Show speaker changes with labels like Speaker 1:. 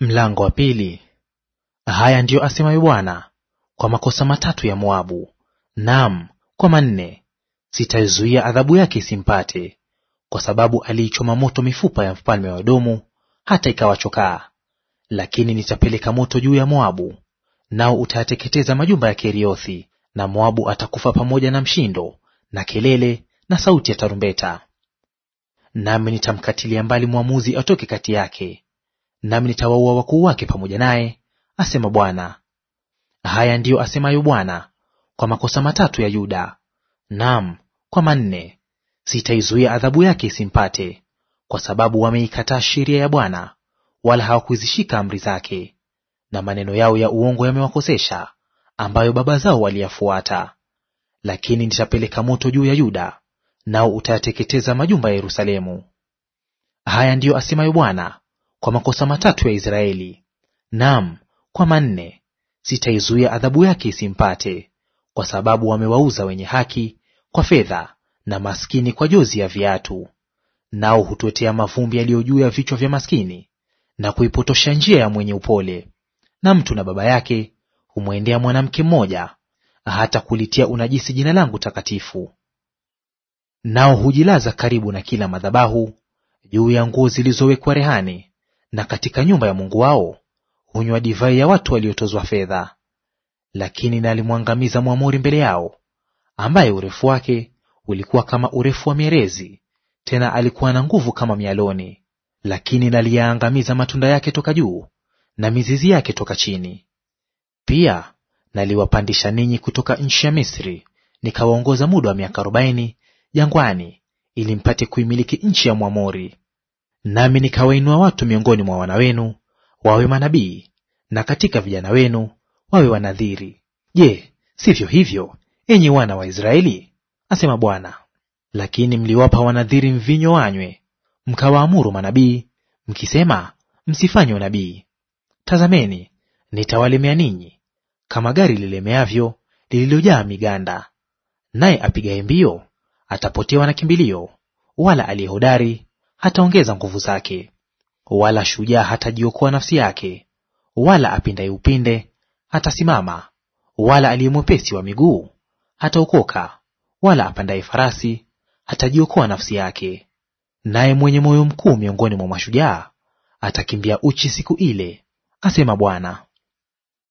Speaker 1: Mlango wa pili. Haya ndiyo asemayo Bwana, kwa makosa matatu ya Moabu, naam kwa manne, sitaizuia adhabu yake isimpate, kwa sababu aliichoma moto mifupa ya mfalme wa Edomu hata ikawachokaa. Lakini nitapeleka moto juu ya Moabu, nao utayateketeza majumba ya Keriothi, na Moabu atakufa pamoja na mshindo na kelele na sauti ya tarumbeta. Nami nitamkatilia mbali mwamuzi atoke kati yake nami nitawaua wakuu wake pamoja naye, asema Bwana. Haya ndiyo asemayo Bwana, kwa makosa matatu ya Yuda, naam kwa manne, sitaizuia adhabu yake isimpate, kwa sababu wameikataa sheria ya Bwana, wala hawakuzishika amri zake, na maneno yao ya uongo yamewakosesha, ambayo baba zao waliyafuata. Lakini nitapeleka moto juu ya Yuda, nao utayateketeza majumba ya Yerusalemu. Haya ndiyo asemayo Bwana kwa makosa matatu ya Israeli, naam kwa manne, sitaizuia adhabu yake isimpate, kwa sababu wamewauza wenye haki kwa fedha na maskini kwa jozi ya viatu. Nao hutwetea mavumbi yaliyo juu ya vichwa vya maskini na kuipotosha njia ya mwenye upole. Na mtu na baba yake humwendea mwanamke mmoja, hata kulitia unajisi jina langu takatifu. Nao hujilaza karibu na kila madhabahu juu ya nguo zilizowekwa rehani na katika nyumba ya Mungu wao hunywa divai ya watu waliotozwa fedha. Lakini nalimwangamiza Mwamori mbele yao, ambaye urefu wake ulikuwa kama urefu wa mierezi, tena alikuwa na nguvu kama mialoni. Lakini naliyaangamiza matunda yake toka juu na mizizi yake toka chini. Pia naliwapandisha ninyi kutoka nchi ya Misri, nikawaongoza muda wa miaka arobaini jangwani, ili mpate kuimiliki nchi ya Mwamori. Nami nikawainua watu miongoni mwa wana wenu wawe manabii, na katika vijana wenu wawe wanadhiri. Je, sivyo hivyo, enyi wana wa Israeli? asema Bwana. Lakini mliwapa wanadhiri mvinyo wanywe, mkawaamuru manabii mkisema, msifanye unabii. Tazameni, nitawalemea ninyi kama gari lilemeavyo lililojaa miganda. Naye apigaye mbio atapotewa na kimbilio, wala aliye hodari hataongeza nguvu zake, wala shujaa hatajiokoa nafsi yake, wala apindaye upinde hatasimama, wala aliye mwepesi wa miguu hataokoka, wala apandaye farasi hatajiokoa nafsi yake. Naye mwenye moyo mkuu miongoni mwa mashujaa atakimbia uchi siku ile, asema Bwana.